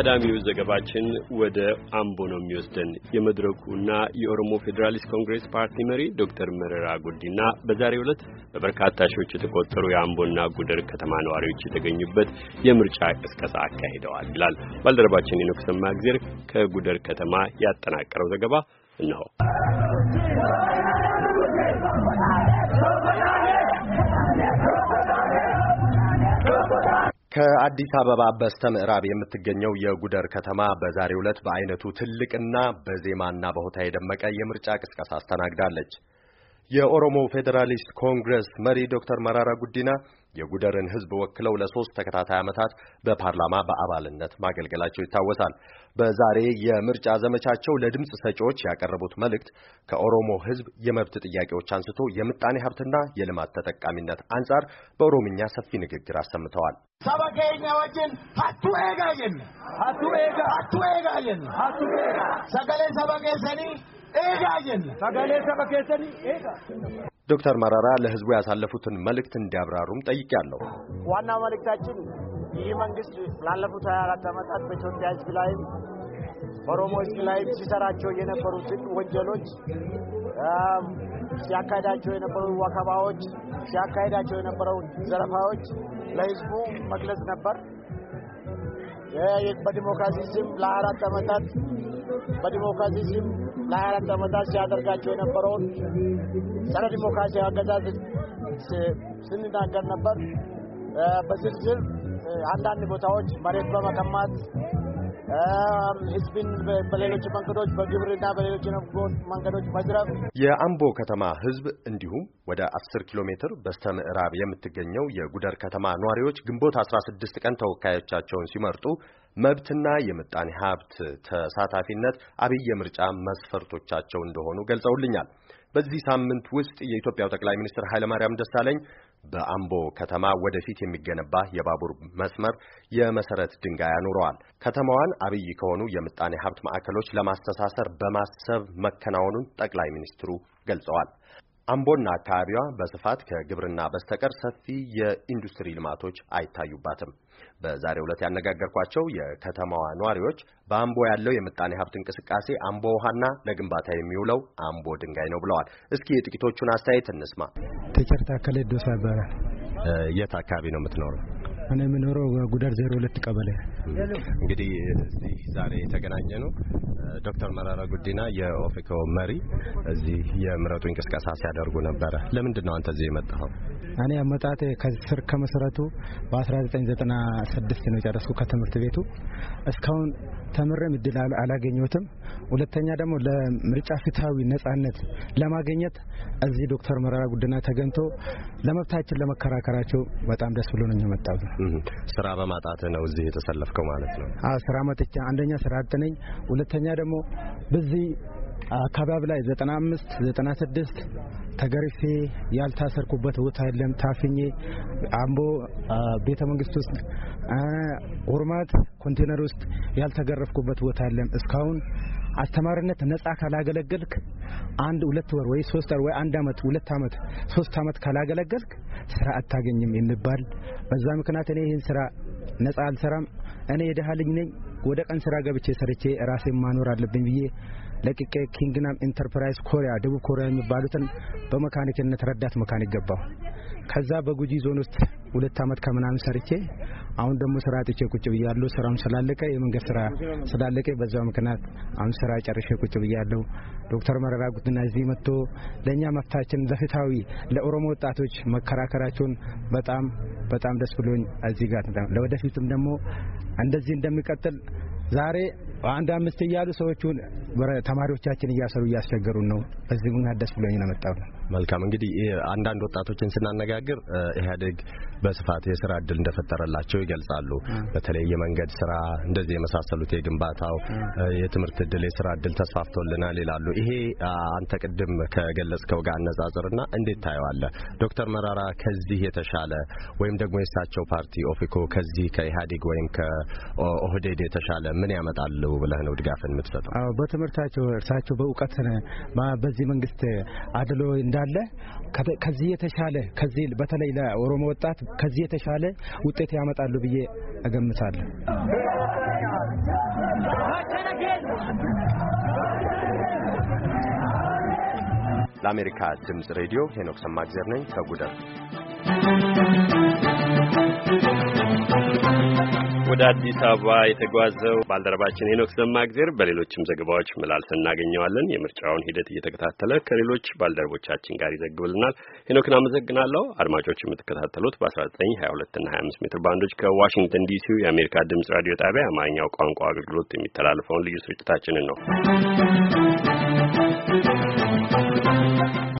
ቀዳሚው ዘገባችን ወደ አምቦ ነው የሚወስደን። የመድረኩና የኦሮሞ ፌዴራሊስት ኮንግሬስ ፓርቲ መሪ ዶክተር መረራ ጉዲና በዛሬው ዕለት በበርካታ ሺዎች የተቆጠሩ የአምቦና ጉደር ከተማ ነዋሪዎች የተገኙበት የምርጫ ቅስቀሳ አካሂደዋል ይላል ባልደረባችን የንኩሰማ ጊዜር ከጉደር ከተማ ያጠናቀረው ዘገባ እነሆ። ከአዲስ አበባ በስተ ምዕራብ የምትገኘው የጉደር ከተማ በዛሬው ዕለት በአይነቱ ትልቅና በዜማና በሆታ የደመቀ የምርጫ ቅስቀሳ አስተናግዳለች። የኦሮሞ ፌዴራሊስት ኮንግረስ መሪ ዶክተር መራራ ጉዲና የጉደርን ሕዝብ ወክለው ለሶስት ተከታታይ ዓመታት በፓርላማ በአባልነት ማገልገላቸው ይታወሳል። በዛሬ የምርጫ ዘመቻቸው ለድምፅ ሰጪዎች ያቀረቡት መልእክት ከኦሮሞ ሕዝብ የመብት ጥያቄዎች አንስቶ የምጣኔ ሀብትና የልማት ተጠቃሚነት አንጻር በኦሮምኛ ሰፊ ንግግር አሰምተዋል። ወጅን ሀቱ ኤጋ ሀቱ ኤጋ ሀቱ ኤጋ ሀቱ ኤጋ ሰገሌ ኤጋ ሰገሌ ኤጋ ዶክተር መረራ ለህዝቡ ያሳለፉትን መልእክት እንዲያብራሩም ጠይቄያለሁ። ዋናው መልእክታችን ይህ መንግስት ላለፉት 24 ዓመታት በኢትዮጵያ ህዝብ ላይም በኦሮሞ ህዝብ ላይም ሲሰራቸው የነበሩትን ወንጀሎች ሲያካሄዳቸው የነበሩ ወከባዎች፣ ሲያካሄዳቸው የነበረው ዘረፋዎች ለህዝቡ መግለጽ ነበር። በዲሞክራሲ ስም ለአራት ዓመታት በዲሞክራሲ ስም ለሀያ አራት ዓመታት ሲያደርጋቸው የነበረውን ጸረ ዲሞክራሲያዊ አገዛዝ ስንናገር ነበር። በዝርዝር አንዳንድ ቦታዎች መሬት በመቀማት ህዝብን በሌሎች መንገዶች በግብርና በሌሎች መንገዶች መዝረፍ። የአምቦ ከተማ ህዝብ እንዲሁም ወደ 10 ኪሎ ሜትር በስተ ምዕራብ የምትገኘው የጉደር ከተማ ነዋሪዎች ግንቦት 16 ቀን ተወካዮቻቸውን ሲመርጡ መብትና የምጣኔ ሀብት ተሳታፊነት አብይ የምርጫ መስፈርቶቻቸው እንደሆኑ ገልጸውልኛል። በዚህ ሳምንት ውስጥ የኢትዮጵያው ጠቅላይ ሚኒስትር ኃይለማርያም ደሳለኝ በአምቦ ከተማ ወደፊት የሚገነባ የባቡር መስመር የመሰረት ድንጋይ አኑረዋል። ከተማዋን አብይ ከሆኑ የምጣኔ ሀብት ማዕከሎች ለማስተሳሰር በማሰብ መከናወኑን ጠቅላይ ሚኒስትሩ ገልጸዋል። አምቦና አካባቢዋ በስፋት ከግብርና በስተቀር ሰፊ የኢንዱስትሪ ልማቶች አይታዩባትም። በዛሬ ዕለት ያነጋገርኳቸው የከተማዋ ነዋሪዎች በአምቦ ያለው የምጣኔ ሀብት እንቅስቃሴ አምቦ ውሃና ለግንባታ የሚውለው አምቦ ድንጋይ ነው ብለዋል። እስኪ የጥቂቶቹን አስተያየት እንስማ። ቲቸር ከለዶሳ ይባላል። የት አካባቢ ነው የምትኖረው? እኔ የምኖረው ጉደር ዜሮ ሁለት ቀበሌ። እንግዲህ እዚህ ዛሬ የተገናኘ ነው ዶክተር መረራ ጉዲና የኦፌኮ መሪ እዚህ የምረጡ እንቅስቃሴ ሲያደርጉ ነበረ። ለምንድን ነው አንተ እዚህ የመጣኸው? እኔ አመጣቴ ከስር ከመሰረቱ በ1996 ነው የጨረስኩ ከትምህርት ቤቱ እስካሁን ተምሬም እድል አላገኘሁትም። ሁለተኛ ደግሞ ለምርጫ ፍትሐዊ ነጻነት ለማግኘት እዚህ ዶክተር መረራ ጉዲና ተገኝቶ ለመብታችን ለመከራከራቸው በጣም ደስ ብሎ ነው የመጣሁት። ስራ በማጣት ነው እዚህ የተሰለፍከው ማለት ነው? አዎ ስራ መጥቻ፣ አንደኛ ስራ አጥ ነኝ፣ ሁለተኛ ደግሞ በዚህ አካባቢ ላይ 95 96 ተገርፌ ያልታሰርኩበት ቦታ የለም። ታፍኜ አምቦ ቤተ መንግስት ውስጥ ሁርማት ኮንቴነር ውስጥ ያልተገረፍኩበት ቦታ የለም እስካሁን አስተማሪነት ነጻ ካላገለገልክ አንድ ሁለት ወር ወይ ሶስት ወር ወይ አንድ አመት ሁለት አመት ሶስት አመት ካላገለገልክ ስራ አታገኝም የሚባል በዛ ምክንያት እኔ ይህን ስራ ነጻ አልሰራም። እኔ የደሃ ልጅ ነኝ። ወደ ቀን ስራ ገብቼ ሰርቼ ራሴን ማኖር አለብኝ ብዬ ለቅቄ ኪንግናም ኢንተርፕራይዝ ኮሪያ፣ ደቡብ ኮሪያ የሚባሉትን በመካኒክነት ረዳት መካኒክ ገባሁ። ከዛ በጉጂ ዞን ውስጥ ሁለት አመት ከምናምን ሰርቼ አሁን ደግሞ ስራ አጥቼ ቁጭ ብያለሁ። ስራም ስላለቀ የመንገድ ስራ ስላለቀ በዛ ምክንያት አሁን ስራ ጨርሼ ቁጭ ብያለሁ። ዶክተር መረራ ጉዲና እዚህ መጥቶ ለእኛ መፍታችን ለፍትሐዊ ለኦሮሞ ወጣቶች መከራከራቸውን በጣም በጣም ደስ ብሎኝ እዚህ ጋር ለወደፊትም ደግሞ እንደዚህ እንደሚቀጥል ዛሬ አንድ አምስት እያሉ ሰዎቹን ተማሪዎቻችን እያሰሩ እያስቸገሩን ነው። በዚህ ቡና ደስ ብሎኝ ነው መጣሁ። መልካም እንግዲህ አንዳንድ ወጣቶችን ስናነጋግር ኢህአዴግ በስፋት የስራ እድል እንደፈጠረላቸው ይገልጻሉ። በተለይ የመንገድ ስራ እንደዚህ የመሳሰሉት የግንባታው፣ የትምህርት እድል፣ የስራ እድል ተስፋፍቶልናል ይላሉ። ይሄ አንተ ቅድም ከገለጽከው ጋር አነጻጽርና እንዴት ታየዋለህ? ዶክተር መራራ ከዚህ የተሻለ ወይም ደግሞ የእሳቸው ፓርቲ ኦፌኮ ከዚህ ከኢህአዴግ ወይም ከኦህዴድ የተሻለ ምን ያመጣል አለው ብለህ ነው ድጋፍን የምትሰጠው? አዎ በትምህርታቸው እርሳቸው በእውቀት በዚህ መንግስት አድሎ እንዳለ ከዚህ የተሻለ ከዚህ በተለይ ለኦሮሞ ወጣት ከዚህ የተሻለ ውጤት ያመጣሉ ብዬ እገምታለሁ። ለአሜሪካ ድምፅ ሬዲዮ ሄኖክ ሰማግዜር ነኝ ከጉደር ወደ አዲስ አበባ የተጓዘው ባልደረባችን ሄኖክ ሰማእግዜር በሌሎችም ዘገባዎች መላልስ እናገኘዋለን። የምርጫውን ሂደት እየተከታተለ ከሌሎች ባልደረቦቻችን ጋር ይዘግብልናል። ሄኖክን አመሰግናለሁ። አድማጮች የምትከታተሉት በ19፣ 22 እና 25 ሜትር ባንዶች ከዋሽንግተን ዲሲ የአሜሪካ ድምጽ ራዲዮ ጣቢያ የአማርኛው ቋንቋ አገልግሎት የሚተላለፈውን ልዩ ስርጭታችንን ነው።